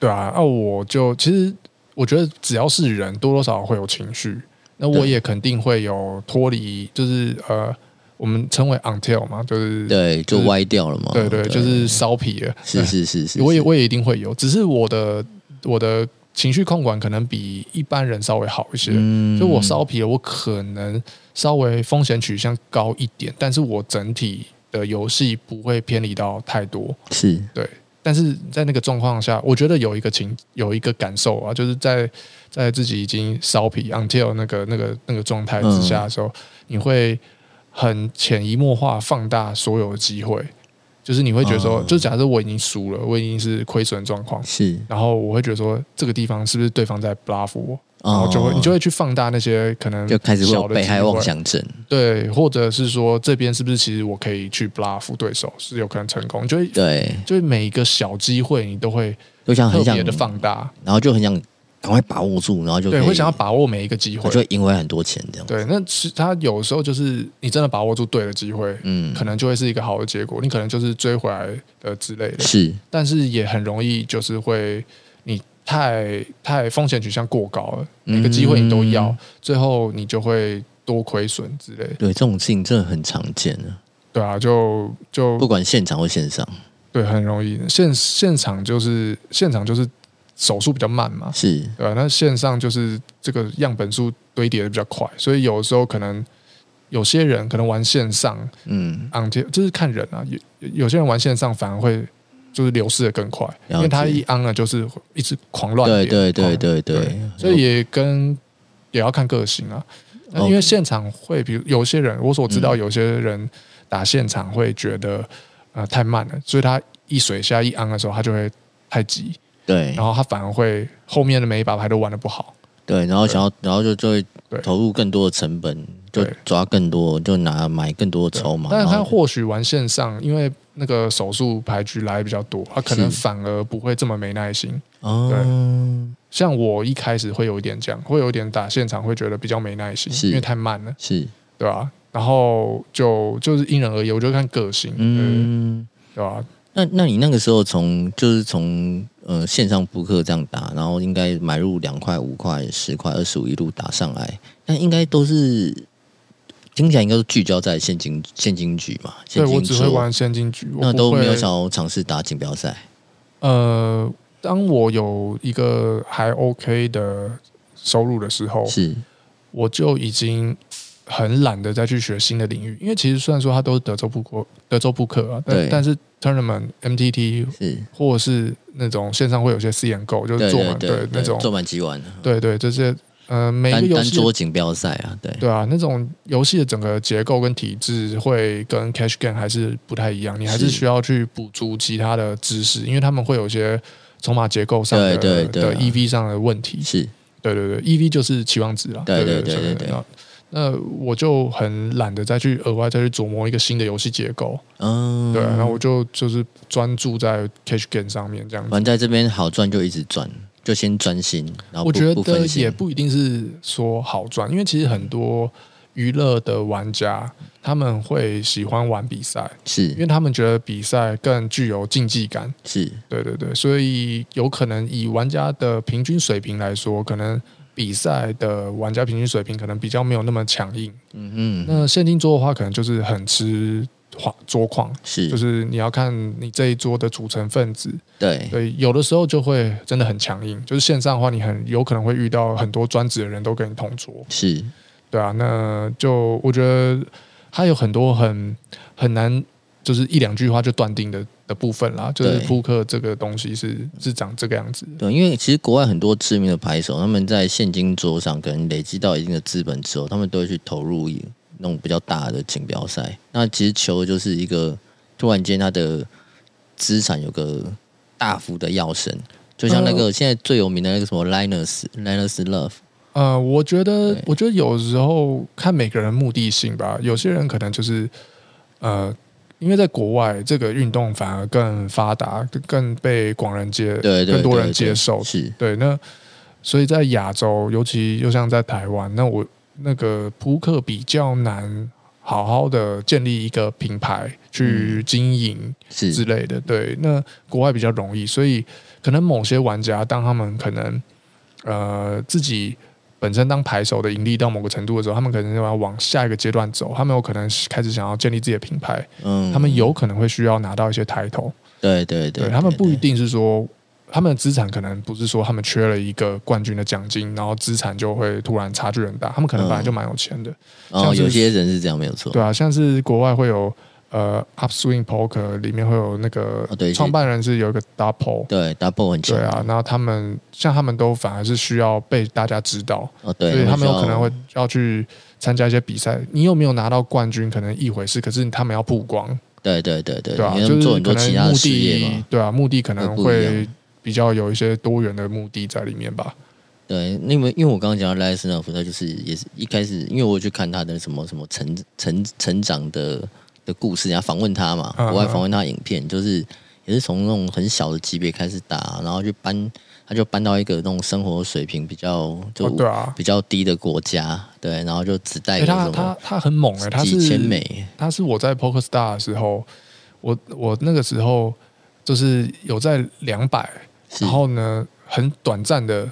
對啊，那、啊、我就其實。我覺得只要是人，多多少少會有情緒。那我也肯定會有脫離，就是呃，我們稱為 until 嘛，就是對，就歪掉了嘛。對對，對，對，就是燒皮了。是，是是是是，我也我也一定會有。只是我的我的情緒控管可能比一般人稍微好一些。嗯，就我燒皮了，我可能稍微風險取向高一點，但是我整體的遊戲不會偏離到太多。是對。但是在那個狀況下，我覺得有一個情有一個感受啊，就是在在自己已經燒皮 on tilt 那個那個那個狀態之下的時候，嗯、你會很潛移默化放大所有的機會，就是你會覺得說，嗯、就假設我已經輸了，我已經是虧損狀況，是，然後我會覺得說，這個地方是不是對方在 bluff 我？哦、嗯，然後就會你就會去放大那些可能會，就開始小被害妄想症，對，或者是說這邊是不是其實我可以去 bluff 對手，是有可能成功，就會對，就是每一個小機會你都會都想特別的放大，然後就很想趕快把握住，然後就對，會想要把握每一個機會、啊，就會贏回很多錢這樣。對，那其實他有時候就是你真的把握住對的機會，嗯，可能就會是一個好的結果，你可能就是追回來的之類的，是，但是也很容易就是會。太太風險取向過高了，每個機會你都要，嗯、最後你就會多虧損之類的。對，這種事情真的很常見了、啊。對啊，就就不管現場或線上，對，很容易。現現場就是現場就是手速比較慢嘛，是，對啊，那線上就是這個樣本數堆疊的比較快，所以有的時候可能有些人可能玩線上，嗯昂，就是看人啊，有有些人玩線上反而會。就是流失的更快，因為他一安了就是一直狂亂。對對對對對，對所以也跟、okay. 也要看個性啊，因為現場會，比如有些人我所知道，有些人打現場會覺得、嗯、呃太慢了，所以他一水下一安的時候，他就會太急，對，然後他反而會後面的每一把牌都玩得不好。對，然後想要，然後就就會投入更多的成本，對就抓更多，就拿買更多的籌碼。但是他或許玩線上，因為那個手速牌局來得比較多，他可能反而不會這麼沒耐心。對，像我一開始會有一點這樣，會有點打現場會覺得比較沒耐心，是因為太慢了，是，對吧、啊？然後就就是因人而異，我就會看個性，嗯，對吧？對啊那那你那個時候從就是從呃線上撲克這樣打，然後應該買入兩塊、五塊、十塊、二十五一路打上來，那應該都是聽起來應該都聚焦在現金現金局嘛，現金局？對，我只會玩現金局，那都沒有想要嘗試打錦標賽。呃，當我有一個還 OK 的收入的時候，是我就已經。很懶得再去學新的領域，因為其實雖然說他都是德州撲克，德州撲克啊，但但是 tournament MTT 是或是那種線上會有些 Sit and Go 就是做滿，對那種做滿幾萬，對對，就是對對對對對對對這些呃，每個單單桌錦標賽啊，對對啊，那種遊戲的整個結構跟體制會跟 cash game 還是不太一樣，你還是需要去補足其他的知識，因為他們會有一些籌碼結構上的、對，對，對，對、啊、的 EV 上的問題是。對對對，EV 就是期望值了，對對對對，對，對，對，對，那我就很懶得再去額外再去琢磨一個新的遊戲結構。嗯、哦，對、啊。然後我就就是專注在 Cash Game 上面，這樣子。反正在這邊好賺就一直賺，就先專心。我覺得也不一定是說好賺、嗯，因為其實很多。娛樂的玩家他們會喜歡玩比賽，是因為他們覺得比賽更具有競技感。是對對對，所以有可能以玩家的平均水平來說，可能比賽的玩家平均水平可能比較沒有那麼強硬。嗯嗯，那現金桌的話，可能就是很吃桌況，是就是你要看你這一桌的組成分子。對，所以有的時候就會真的很強硬。就是線上的話，你很有可能會遇到很多專職的人都跟你同桌。是。對啊，那就我覺得還有很多很很難，就是一兩句話就斷定的的部分啦。就是撲克這個東西是是長這個樣子。對，因為其實國外很多知名的牌手，他們在現金桌上可能累積到一定的資本之後，他們都會去投入那種比較大的錦標賽。那其實求的就是一個突然間他的資產有個大幅的躍升，就像那個現在最有名的那個什麼 Linus、oh. Linus Love。呃，我覺得，我覺得有時候看每個人目的性吧。有些人可能就是，呃，因為在國外，這個運動反而更發達，更被廣人接，對對對對對，更多人接受。對對對是對。那所以在亞洲，尤其又像在台灣，那我那個撲克比較難好好的建立一個品牌去經營是之類的，嗯。對。那國外比較容易，所以可能某些玩家，當他們可能呃自己。本身當牌手的盈利到某個程度的時候，他們可能就要往下一個階段走，他們有可能開始想要建立自己的品牌，嗯，他們有可能會需要拿到一些抬頭，對對，對對對，他們不一定是說，對對對，他們的資產可能不是說他們缺了一個冠軍的獎金，然後資產就會突然差距很大，他們可能本來就蠻有錢的，嗯、像、哦、有些人是這樣沒有錯，對啊，像是國外會有。呃，Upswing Poker 裡面會有那個創辦人是有一個 Double，、哦、對 Double 很強，對啊。然後他們像他們都反而是需要被大家知道，哦，對，所以他們有可能會要去參加一些比賽、嗯。你有沒有拿到冠軍可能一回事，可是他們要曝光，對對對對，對啊，就是可能目的，對啊，目的可能會比較有一些多元的目的在裡面吧。對，因為因為我剛剛講拉斯納夫，那就是也是一開始，因為我去看他的什麼什麼成成成長的。的故事，然後訪問他嘛，國外訪問他影片嗯嗯，就是也是從那種很小的級別開始打，然後就搬，他就搬到一個那種生活水平比較就、哦對啊、比較低的國家，對，然後就只帶、欸、他他他，他很猛哎、欸，他是幾千美，他是我在 PokerStars 的時候，我我那個時候就是有在兩百，然後呢很短暫的。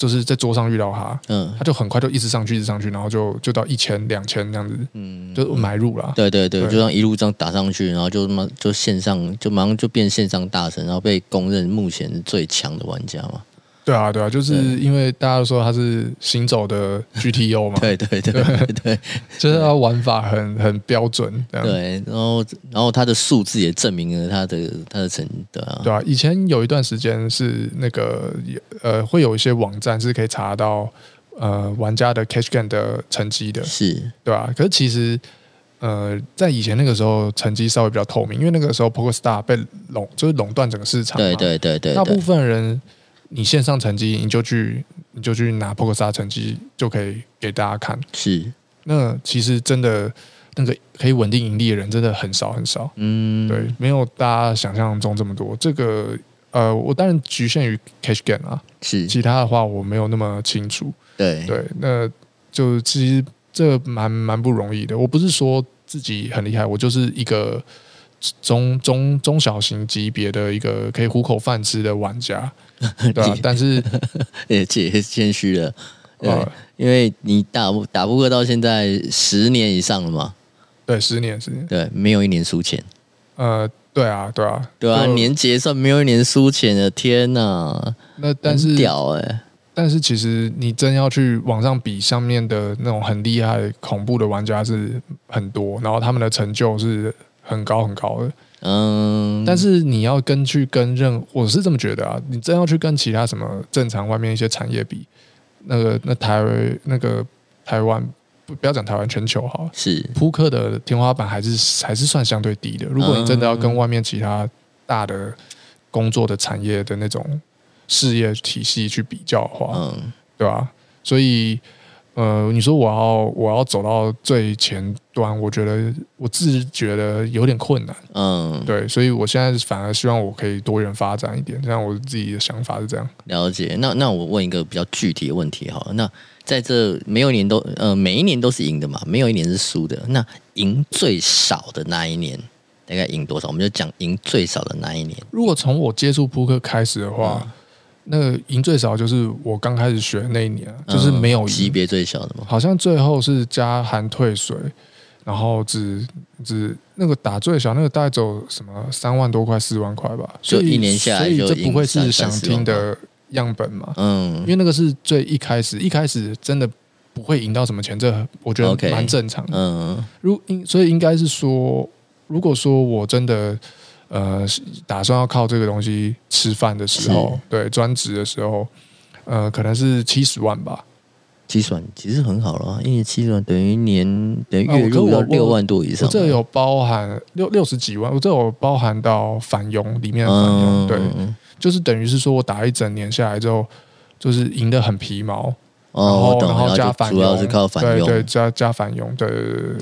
就是在桌上遇到他，嗯，他就很快就一直上去，一直上去，然後就就到一千、兩千這樣子，嗯，就買入了。對對對，對就這樣一路這樣打上去，然後就什麼就線上就馬上就變線上大神，然後被公認目前最強的玩家嘛。對啊，對啊，就是因為大家都說他是行走的 G T O 嘛， 對對對對對， 就是他玩法很很標準這樣，對，然後然後他的數字也證明了他的他的成，對啊，對啊。以前有一段時間是那個呃，會有一些網站是可以查到呃玩家的 cash game 的成績的，是對啊，可是其實呃，在以前那個時候，成績稍微比較透明，因為那個時候 PokerStars 被壟就是壟斷整個市場，對對對對，對，大部分人。對對對。你線上成績，你就去你就去拿 PokerStars 成績，就可以給大家看。是，那其實真的那個可以穩定盈利的人，真的很少很少。嗯，對，沒有大家想象中這麼多。這個呃，我當然局限於 cash game 啊，是，其他的話我沒有那麼清楚。對對，那就其實這蠻蠻不容易的。我不是說自己很厲害，我就是一個中中中小型級別的一個可以糊口飯吃的玩家。 對，啊、 但是 對，但是也也謙虛了，啊，因為你打不打不過到現在十年以上了嘛？對，十年十年，對，沒有一年輸錢。呃，對啊，對啊，對啊，年結算沒有一年輸錢的，天啊。那但是屌哎、欸，但是其實你真要去網上比上面的那種很厲害、恐怖的玩家是很多，然後他們的成就是很高很高的。嗯，但是你要跟去跟任，我是這麼覺得啊。你真要去跟其他什麼正常外面一些產業比，那個那台那個台灣不不要講台灣，全球哈，是撲克的天花板還是還是算相對低的。如果你真的要跟外面其他大的工作的產業的那種事業體系去比較的話，嗯，對吧、啊？所以。呃，你說我要我要走到最前端，我覺得我自己覺得有點困難。嗯，對，所以我現在反而希望我可以多元發展一點，這樣我自己的想法是這樣。了解，那那我問一個比較具體的問題哈，那在這沒有一年都呃，每一年都是贏的嘛，沒有一年是輸的。那贏最少的那一年大概贏多少？我們就講贏最少的那一年。如果從我接觸撲克開始的話。嗯那個贏最少，就是我剛開始學那一年，嗯，就是沒有贏，級別最小的嘛，好像最後是加含退水，然後只只那個打最小那個帶走什麼三萬多塊四萬塊吧，所以就一年下來，所以這不會是想聽的樣本嘛，嗯，因為那個是最一開始一開始真的不會贏到什麼錢，這我覺得蠻正常的。Okay, 嗯，嗯，如應，所以應該是說，如果說我真的。呃，打算要靠這個東西吃飯的時候，對，專職的時候，呃，可能是七十萬吧。七十萬其實很好了、啊，因為七十萬等於年等於月入六萬多以上。啊、我我我我這有包含六六十幾萬，我這有包含到返佣裡面返佣、啊，對、嗯，就是等於是說我打一整年下來之後，就是贏得很皮毛，啊、然後然後加返佣，主要是靠返佣，對，加加返佣，對,對、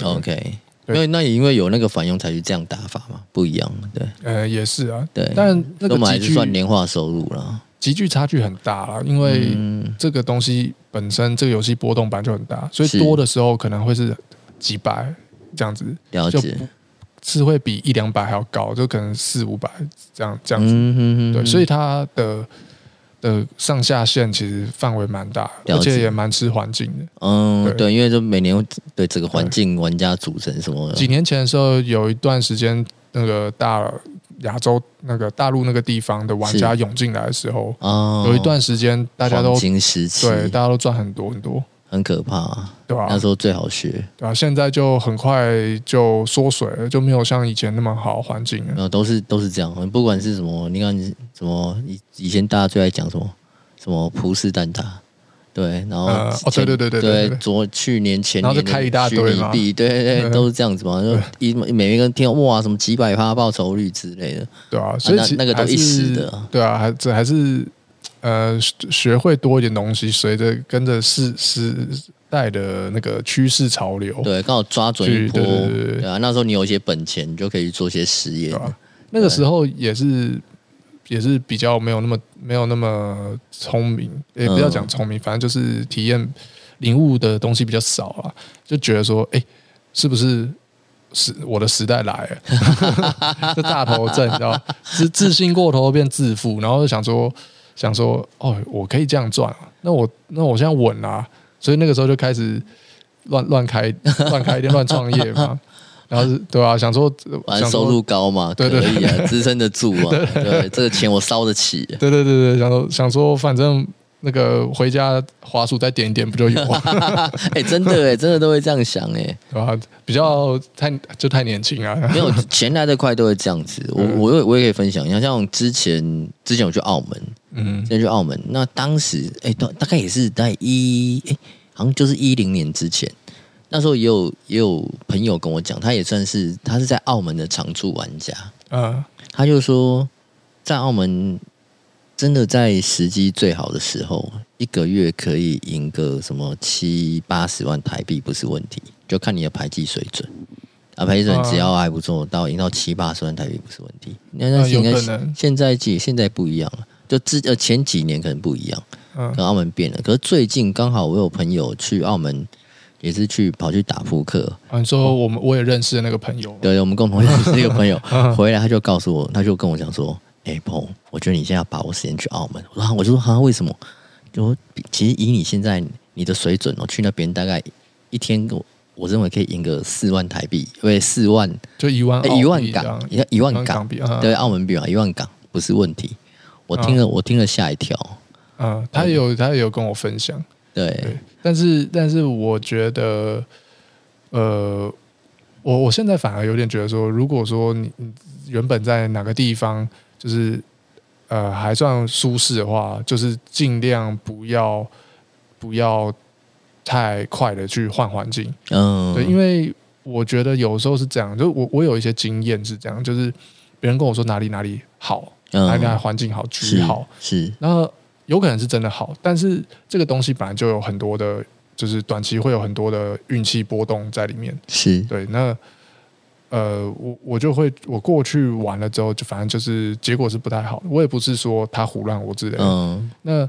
啊、，OK。沒有，那也因為有那個返佣，才去這樣打法嘛，不一樣，對。呃，也是啊，對。但這個就算年化收入了，極具差距很大啦。因為、嗯、這個東西本身這個遊戲波動版就很大，所以多的時候可能會是幾百這樣子，了解、就是會比一兩百還要高，就可能四五百這樣這樣子、嗯哼哼哼哼，對，所以它的。的上下限其實範圍蠻大的，而且也蠻吃環境的。嗯對，對，因為就每年會對這個環境玩家組成什麼？幾年前的時候，有一段時間，那個大亞洲那個大陸那個地方的玩家湧進來的時候，哦、有一段時間大家都黃金時期，對，大家都賺很多很多。很可怕，對吧、啊？那時候最好學，對吧、啊？現在就很快就縮水了，就沒有像以前那麼好環境了。嗯，都是都是這樣。不管是什麼，你看你什麼，以以前大家最愛講什麼，什麼葡式蛋撻。對，然後對、嗯哦、對對對對，昨去年前年然後開一大堆啊，對對對，都是這樣子嘛。一每個人聽哇什麼幾百趴報酬率之類的，對啊，所以、啊、那，那個都一時的。對啊，還這還是。呃，學會多一點東西，隨着跟着時時代的那個趨勢潮流，對，剛好抓準一波，去對，對，對，對啊，那時候你有一些本錢，你就可以去做一些實業。對、啊對啊、那個時候也是，也是比較沒有那麼沒有那麼聰明，也不要講聰明，嗯、反正就是體驗領悟的東西比較少啊，就覺得說，哎，是不是是我的時代來了？這 大頭症，你知道，自自信過頭變自負，然後就想說。想說哦，我可以這樣賺、啊、那我那我現在穩啊，所以那個時候就開始亂亂開、亂開一點、 亂創業嘛，然後對吧、啊？想說反正收入高嘛，對對對可以啊，支 撐得住啊，對， 這個錢我燒得起、啊，對對對對，想說想說反正那個回家滑鼠，再點一點不就有嘛？哎，真的哎、欸，真的都會這樣想哎、欸，對吧、啊？比較太就太年輕啊， 沒有錢來的快，都會這樣子。我我也我也可以分享一下，像之前之前我去澳門。嗯，先去澳門。那當時，哎、欸，大概也是在一，誒、欸，好像就是一零年之前。那時候也有也有朋友跟我講，他也算是他是在澳門的常駐玩家。嗯、啊，他就說，在澳門，真的在時機最好的時候，一個月可以贏個什麼七八十萬台幣不是問題，就看你的牌技水準。啊，牌技水準只要還不錯，到贏到七八十萬台幣不是問題。那、啊、那應該現在現在不一樣了。就之、呃前幾年可能不一樣，跟澳門變了。嗯、可是最近剛好我有朋友去澳門，也是去跑去打撲克、啊。你說我們、嗯、我，我也認識的那個朋友，對，我們共同認識那個朋友， 回來他就告訴我，他就跟我講說：“哎、嗯，鵬、欸，我覺得你現在要把握時間去澳門。”我說：“我就說蛤為什麼？我其實以你現在你的水準，我去那邊大概一天，我我認為可以贏個四萬台幣，因為四萬就一萬一、欸、一萬港，一一萬港幣啊，對，嗯、澳門幣嘛，一萬港不是問題。”我聽了，嗯、我聽了嚇一跳。嗯，他也有，他也有跟我分享對。對，但是，但是我覺得，呃，我我現在反而有點覺得說，如果說你原本在哪個地方，就是呃，還算舒適的話，就是盡量不要不要太快的去換環境。嗯，對，因為我覺得有時候是這樣，就是我我有一些經驗是這樣，就是別人跟我說哪裡哪裡好。那邊環境好，局好，是，是。那有可能是真的好，但是這個東西本來就有很多的，就是短期會有很多的運氣波動在裡面。是，對。那呃，我我就會，我過去玩了之後，就反正就是結果是不太好。我也不是說他胡亂我之類的。嗯，uh。那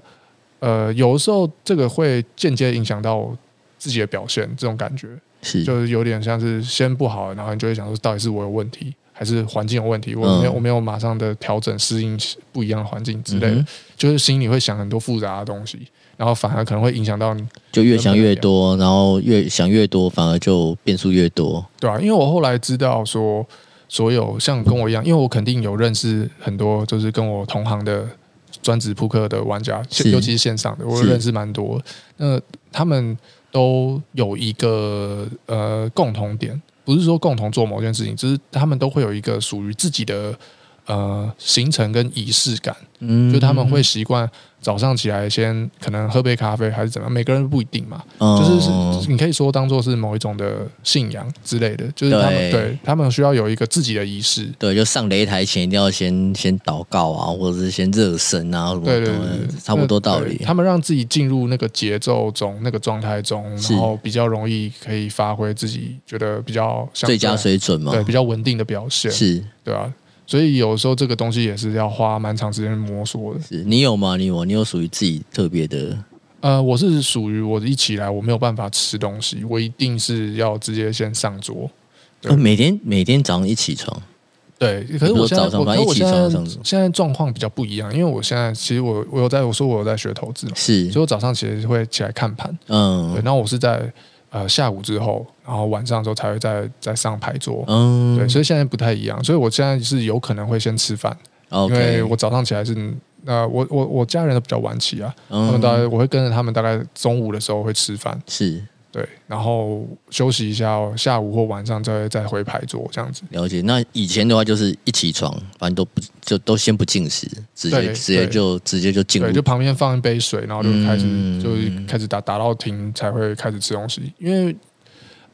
呃，有的時候這個會間接影響到我自己的表現，這種感覺是，就是有點像是先不好，然後你就會想說，到底是我有問題，還是環境有問題，我沒有我沒有馬上的調整適應不一樣的環境之類的、嗯，就是心裡會想很多複雜的東西，然後反而可能會影響到你。就越想越多，然後越想越多，反而就變數越多。對啊，因為我後來知道說，所有像跟我一樣，因為我肯定有認識很多，就是跟我同行的專職撲克的玩家，尤其是線上的，我認識蠻多。那他們都有一個呃共同點。不是說共同做某件事情，只是他們都會有一個屬於自己的呃行程跟儀式感。嗯，就他們會習慣。早上起來先可能喝杯咖啡還是怎麼樣？每個人不一定嘛，嗯、就是你可以說當做是某一種的信仰之類的，就是他們對，對他們需要有一個自己的儀式，對，就上擂台前一定要先先禱告啊，或者是先熱身啊什麼的，對，對差不多道理。他們讓自己進入那個節奏中，那個狀態中，然後比較容易可以發揮自己覺得比較最佳水準嘛，對，比較穩定的表現，是對啊。所以有時候這個東西也是要花蠻長時間摸索的。是，你有嗎？你有，你有屬於自己特別的？呃，我是屬於我一起來我沒有辦法吃東西，我一定是要直接先上桌。哦，每天每天早上一起床，對。可是我早上反正我現在現在狀況比較不一樣，因為我現在其實我我有在我說我有在學投資嘛，是，所以我早上其實會起來看盤。嗯，然後我是在。呃，下午之後，然後晚上的時候才會再再上牌桌。嗯，對，所以現在不太一樣。所以我現在是有可能會先吃飯，Okay. 因為我早上起來是，那、呃、我我我家人都比較晚起啊，那、嗯、麼大概我會跟着他們大概中午的時候會吃飯。是。對，然後休息一下哦，下午或晚上再再回牌桌這樣子。了解。那以前的話就是一起床，反正都不就都先不進食，直接直接就直接就進。對，就旁邊放一杯水，然後就開始、嗯、就開始打，打到停才會開始吃東西。因為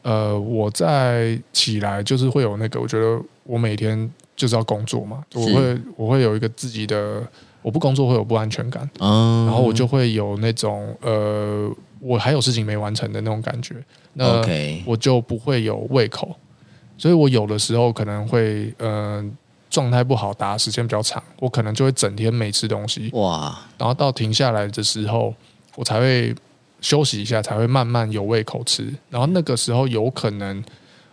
呃，我在起來就是會有那個，我覺得我每天就是要工作嘛，我會我會有一個自己的，我不工作會有不安全感、嗯，然後我就會有那種呃。我還有事情沒完成的那種感覺，那我就不會有胃口，Okay. 所以我有的時候可能會，嗯、呃，狀態不好打，打時間比較長，我可能就會整天沒吃東西，哇、Wow.，然後到停下來的時候，我才會休息一下，才會慢慢有胃口吃，然後那個時候有可能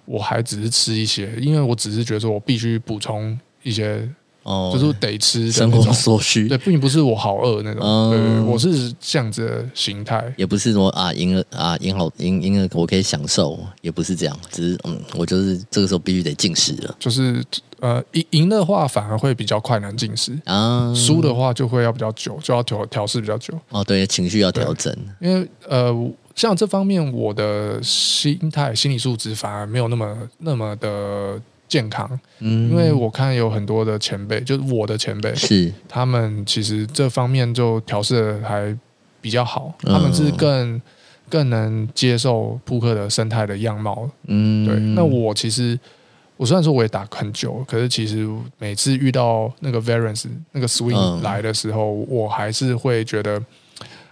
我還只是吃一些，因為我只是覺得說我必須補充一些。哦、嗯，就是得吃生活所需，對，並不是我好餓那種，嗯，我是這樣子的心態，也不是說啊贏了啊贏好贏贏了我可以享受，也不是這樣，只是嗯，我就是這個時候必須得進食了。就是呃贏贏的話反而會比較快能進食啊、嗯，輸的話就會要比較久，就要調調試比較久。哦，對，情緒要調整，因為呃像這方面我的心態、心理素質反而沒有那麼那麼的。健康，嗯，因為我看有很多的前輩，就是我的前輩，是他們其實這方面就調適的還比較好，他們是更更能接受撲克的生態的樣貌的，嗯，對。那我其實我雖然說我也打很久，可是其實每次遇到那個 variance 那個 swing 來的時候，嗯，我還是會覺得。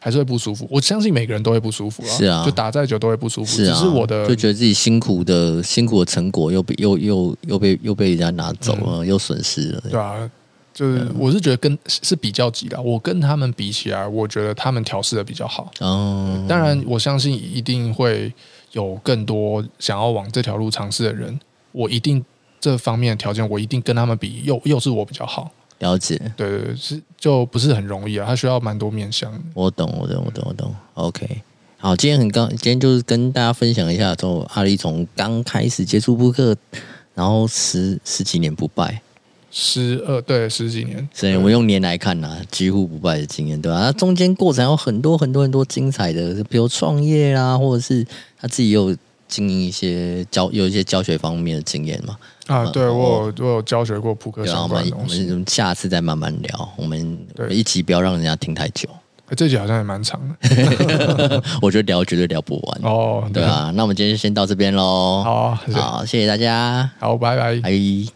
還是會不舒服，我相信每個人都會不舒服啊。是啊，就打再久都會不舒服。是啊，只是我的就覺得自己辛苦的辛苦的成果又被又又又被又被人家拿走了，嗯，又損失了。對啊，就是、嗯、我是覺得跟是比較急的，我跟他們比起來，我覺得他們調試的比較好。哦，嗯。當然我相信一定會有更多想要往這條路嘗試的人，我一定這方面的條件，我一定跟他們比，又又是我比較好。了解，對對對，是就不是很容易啊，他需要蠻多面向。我懂，我懂，我懂，我懂。OK，好，今天很高，今天就是跟大家分享一下，從阿立從剛開始接觸撲克，然後十十幾年不敗，十二對十幾年，所以我們用年來看吶、啊，幾乎不敗的經驗，對吧、啊？那中間過程有很多很多很多精彩的，比如創業啊，或者是他自己有經營一些教有一些教學方面的經驗嘛。啊，對我有我有教學過撲克相關的東西，嗯、我們我們下次再慢慢聊，我們一起不要讓人家聽太久。這集好像也蠻長的， 我覺得聊絕對聊不完哦對。對啊，那我們今天就先到這邊嘍。好，好，謝謝大家，好，拜拜，Hi